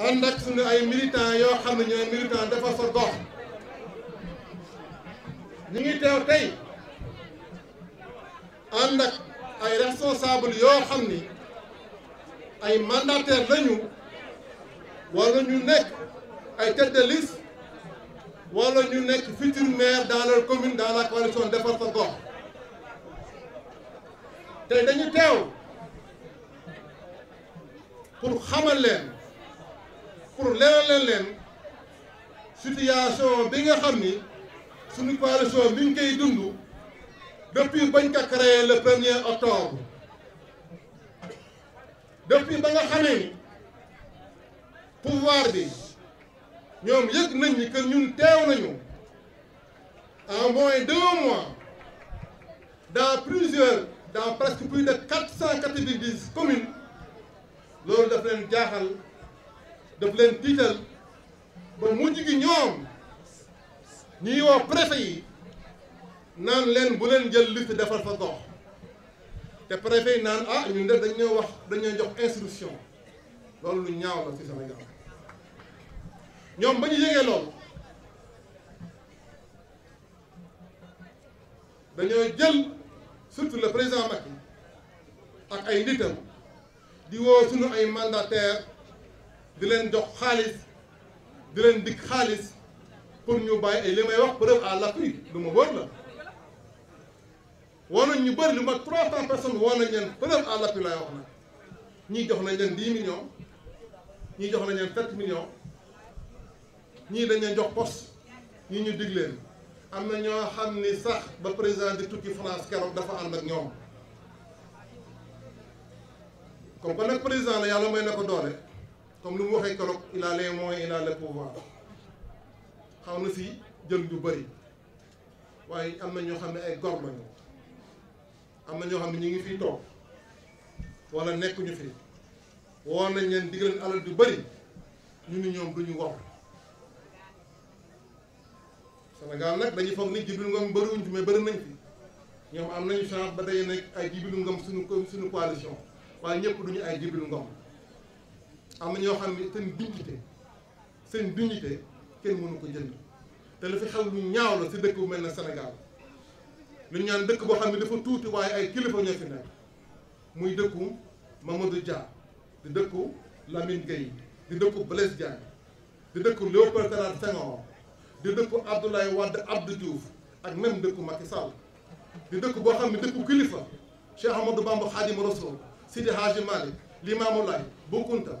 عندك سنة أي ميليتان يو خامن يو ميليتان دفا سر دوخ نيجي تيو تي عندك أي رسو سابل يو خامن أي مانداتير لنيو ولا نيو نيك أي تيت ليس ولا نيو نيك فيتير مير دالر كومين دالا كواليسون دفا سر دوخ تي دنيو تيو pour xamal len pour leral leral leral situation bi nga xamni suñu coalition bi nga koy dundu depuis bañ ka créer le 1er octobre depuis ba nga xamé pouvoir bi ñom yëg nañ ni que ñun téw nañu en moins deux mois dans plusieurs dans presque plus de 490 cent quatre-vingt-dix communes loolu daf leen jaaxal. daf leen tiital ba mujj gi ñoom ñiy woo préfet yi naan leen bu leen jël liste defar sa gox te préfet yi naan ah ñun de dañ ñoo wax dañ ñoo jox instruction loolu lu ñaaw la sama Sénégal ñoom ba ñu yëgee loolu dañoo jël surtout le président Macky ak ay nitam di woo suñu ay mandataire di leen jox xaalis di leen dikk xaalis pour ñu bàyyi ay li may wax preuve à l'appui lu ma wóor la woo nañ ñu bëri lu ma trois cent personnes woo nañ leen preuve à l'appui wax nag ñii jox nañ leen dix millions ñii jox nañ leen sept millions ñii dañ jox poste ñii ñu dig am na ñoo xam ni sax ba président di tukki France keroog dafa ànd ak ñoom comme que nag président la yàlla may na ko doole comme lu mu waxee keroog il a les moyens il pouvoir xaw na si jël yu bari waaye am na ñoo xam ne ay gor lañu am na ñoo xam ne ñu ngi fiy toog wala nekkuñu fi woon nañ leen digal alal ju bari ñu ni ñoom ñu war Sénégal nag dañuy foog ni Djibril Ngom bëriwuñ fi mais bëri nañ fi ñoom am nañu chance ba day nekk ay Djibril Ngom suñu suñu coalition waaye ñëpp duñu ay Djibril Ngom am na ñoo xam ne seen dignité seen dignité kenn mënu ko jënd te lu fi xew lu ñaaw la si dëkk bu mel ne Sénégal lu ñaan dëkk boo xam ne dafa tuuti waaye ay kilifa ñoo fi nekk muy dëkku Mamadou Dia di dëkku Lamine Gueye di dëkku Blaise Diagne di dëkku Léopold Sédar Senghor di dëkku Abdoulaye Wade Abdou Diouf ak même dëkku Macky Sall di dëkk boo xam ne dëkku kilifa Cheikh Amadou Bamba Khadim Rassoul Sidi Hadji Malick Limamou Laye Boukounta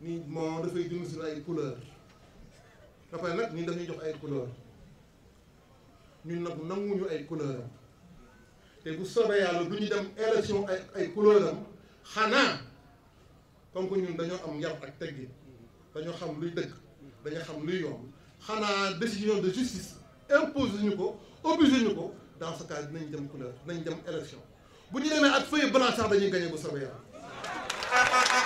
ni moom dafay dund suñu ay couleur ba nag ñun dañuy jox ay couleur ñun nag nanguñu ay couleur te bu soobee yàlla du ñu dem élection ay ay couleur am xanaa comme que ñun dañoo am yar ak teggin dañoo xam luy dëkk dañoo xam luy yoon xanaa décision de justice impose ñu ko obligé ñu ko dans ce dinañ dem couleur dinañ dem élection bu ñu demee ak feuille blanche sax dañuy gagné bu soobee yàlla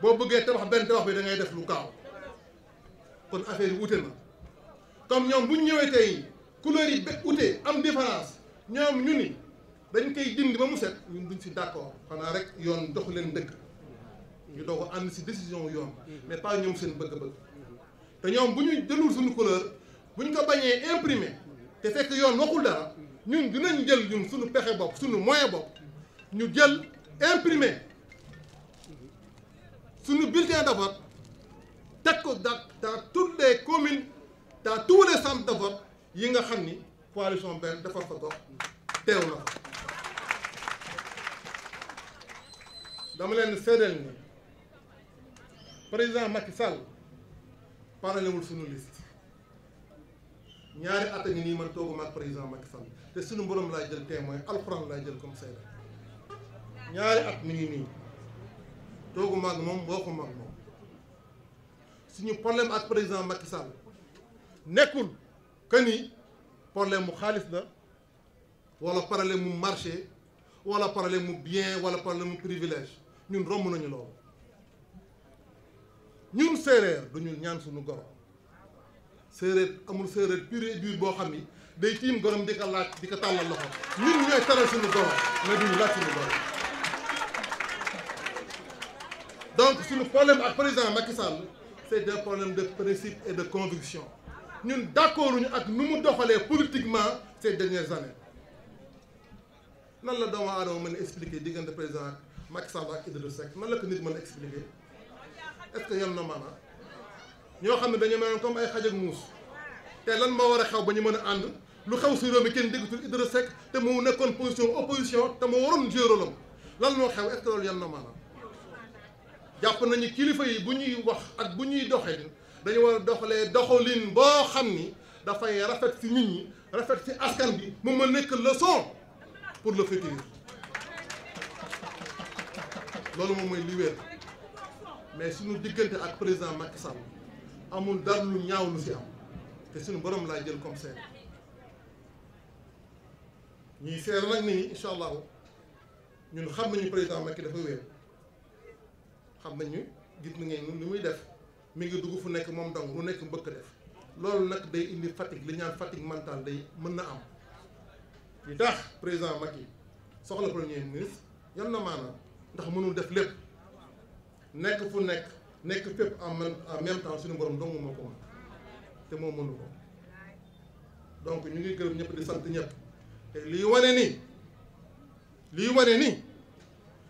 boo bëggee tabax benn tabax bi dangay def lu kaaw kon affaire wute na comme ñoom bu ñu ñëwee tey couleur yi ba wute am différence ñoom ñu ni dañ koy dindi ba mu set ñu duñ si d'accord xanaa rek yoon doxu leen dëkk ñu doog a ànd si décision yoon mhm. mais pas ñoom seen bëgg-bëgg te ñoom bu ñuy jëlul suñu couleur bu ñu ko bañee imprimer te fekk yoon waxul dara ñun dinañ jël ñun suñu pexe bopp suñu moyen bopp ñu jël imprimer. suñu bulletin de vote teg ko dans dans toutes les communes dans tous les centres de vote yi nga xam ni coalition benn defar sa gox teew na fa dama leen seedeel ni président Macky Sall paralewul suñu liste ñaari at a ngi nii man tooguma président Macky Sall te suñu mboroom laa jël mooy alxuraan laa jël comme seede ñaari at mi nii Si nous moom waxu nous président Macky Sall nous que ni problème la wala problème marché wala problème bien wala problème privilège ñun romb nañu Nous ñun Nous duñu ñaan nous Nous pur dur nous day gorom les nous faire. Nous nous loxo ñun faire donc le problème ak président Macky Sall c'est des problèmes de principe et de conviction ñun d'accord ñu ak nu mu doxalee politiquement ces dernières années nan la doomu aadama mën a expliquer diggante président Macky Sall ak Idrissa Seck nan la ko nit mën expliquer est-ce que yem na maanaam ñoo xam ne dañu mel comme ay xaj ak muus te lan moo war a xew ba ñu mën a ànd lu xew si réew mi kenn Idrissa Seck te mu nekkoon position opposition te mu waroon jouer rôle am lan moo xew est-ce que loolu jàpp nañu kilifa yi bu ñuy wax ak bu ñuy doxalin dañu war a doxalee doxalin boo xam ni dafay rafet ci nit ñi rafet ci askan bi mu ma nekk leçon pour le futur loolu moom mooy li wér mais suñu diggante ak président Macky Sall amul dara lu ñaaw lu ci am te suñu borom laa jël comme seede ñuy seer nag ni incha allahu ñun xam nañu président Macky dafa wér. xam nañ ñu gis na ngeen li muy def mi ngi dugg fu nekk moom dong lu nekk mbëkk def loolu nag day indi fatigue li ñaar fatigue mentale day mën na am li tax président Macky soxla premier ministre yal na maanaam ndax mënul def lépp nekk fu nekk nekk fépp en même en même temps suñu borom dong moo ko mën te moo mënu ko donc ñu ngi gërëm ñëpp di sant ñëpp te lii wane ni lii wane ni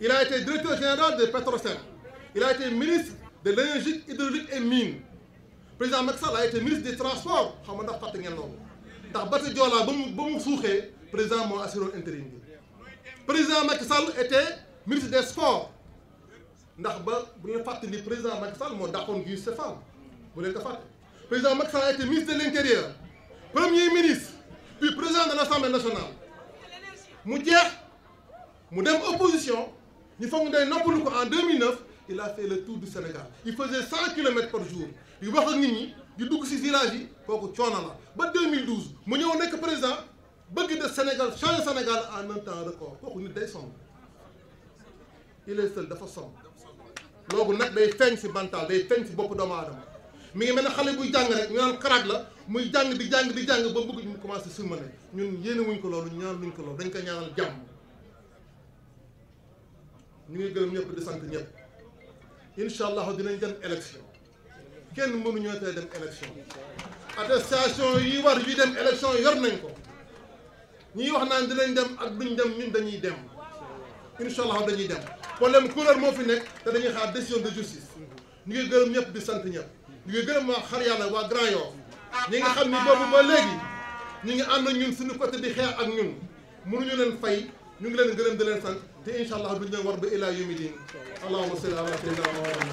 Il a été directeur général de Petrocel. Il a été ministre de l'énergie, hydraulique et mine. président Macky Sall a été ministre des Transports. Je ne sais pas si ba mu ba mu président moo assuré intérim président Macky Sall était ministre des sports ndax ba bu leen président Macky Sall moo dàqoon Guy Stéphane bu leen ko président Macky Sall été ministre de l'intérieur premier ministre puis président de l'Assemblée nationale mu jeex mu opposition en 2009 il a fait le tour du Sénégal il faisait 100 km par jour Il fait ak nit ñi di dugg a village yi kooku dans la En 2012 a ñëw nekk président bëgg de Sénégal changer Sénégal en un temps record Il il est seul dafa Il day bantal day il mi ngi jàng rek la muy jàng jàng jàng ba bëgg ñu commencé ñun wuñ ko ñaan luñ ko dañ ko ñaanal ñu ngi gërëm ñëpp di sant ñëpp incha allahu dinañ dem élection kenn mënuñoo tey dem élection attestation yi war yi dem élection yor nañ ko ñiy wax naan dinañ dem ak duñ dem ñun dañuy dem incha allahu dañuy dem problème couleur moo fi nekk te dañuy xaar décision de justice ñu ngi gërëm ñëpp di sant ñëpp ñu ngi gërëm waa xar yàlla waa Grand Yoff ñi nga xam ni boobu ba léegi ñu ngi ànd ñun suñu côté di xeex ak ñun mënuñu leen fay نقلن قلم دلنا سنت إن شاء الله بدنا ورب إلى يوم الدين اللهم صل على سيدنا محمد